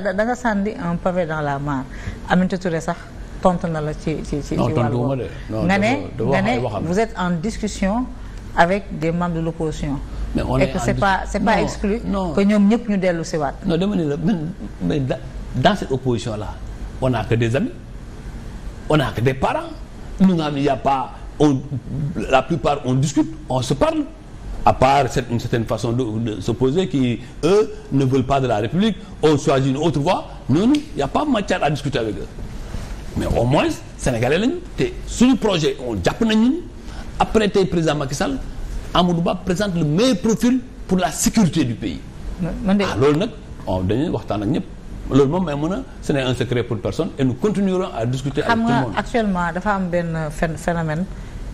da nga sànni un pavé dans la mare Aminata Touré sax tontu na la ci ci ci wàllu nga ne nga ne vous êtes en discussion avec des de l'opposition l on est et c'est pas exclu que ñoom ñëpp ñu dellu si waat non dama la mais dans cette opposition là on a que des amis on a que des parents ñu nga xam ne a pas on la on discute on se parle à part une certaine façon de, de s'opposer qui, eux, ne veulent pas de la République, ont choisi une autre voie. Non, non, il n'y a pas matière à discuter avec eux. Mais au moins, Sénégalais lañu te suñu projet on jàpp nañ ñu après tey président Macky Sall Amadou Ba présente le meilleur profil pour la sécurité du pays. ah loolu nag on dañuy waxtaan ak ñëpp. loolu moom may mën a ce n'est un secret pour personne et nous continuerons à discuter avec tout le monde. xam actuellement dafa am benn phénomène.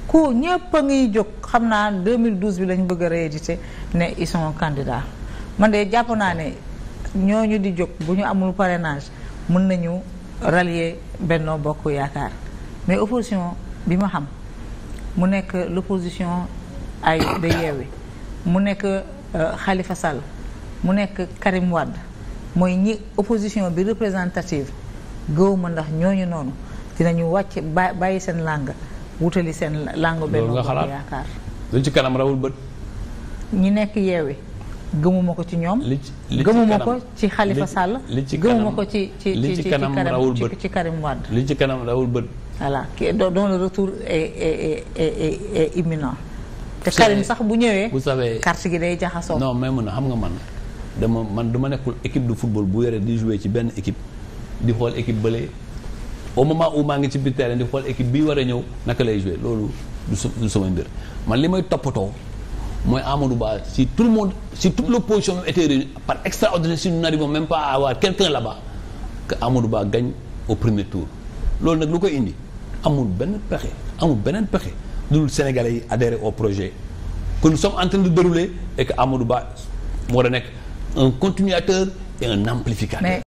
ku ñëpp a ngi jóg xam naa 2012 bi lañ bëgg a réédité ne ils sont candidats man de jàpp naa ne ñooñu di jóg bu ñu amul parrainage mën nañu rallier Benno Bokk Yaakaar mais opposition bi ma xam mu nekk l' opposition ay de Yewwi mu nekk xalifa euh, Sall mu nekk Karim Wade mooy ñi opposition bi représentative gëwuma ndax ñooñu noonu dinañu wàcc bàyyi seen làng wutali seen langue benn nga xalaat yaakaar lu ci kanam rawul bët ñi nekk yeewi gëmuma ko ci ñoom gëmuma ko ci Khalifa Sall gëmuma ko ci ci ci ci kanam rawul bët ci Karim Wade li ci kanam rawul bët voilà qui dont le retour est est est est imminent te Karim sax bu ñëwee vous savez carte gi day jaxasoo non mais mun a xam nga man dama man dama nekkul équipe de football bu yore di jouer ci benn équipe di xool équipe bële au moment où maa ngi ci biir terrain di xool équipe bi war a ñëw naka lay jouer loolu du sama mbir man li may toppatoo mooy Amadou baa si tout le monde si toute l'opposition était réunie par extraordinaire si nous n'arrivons même pas à avoir quelqu'un la bas que Amadou baa gagne au premier tour loolu nag lu ko indi amul benn pexe amul beneen pexe lu dul Sénégalais yi adhéré au projet kon nous sommes en train de dérouler et que Amadou Ba moo war a nekk un continuateur et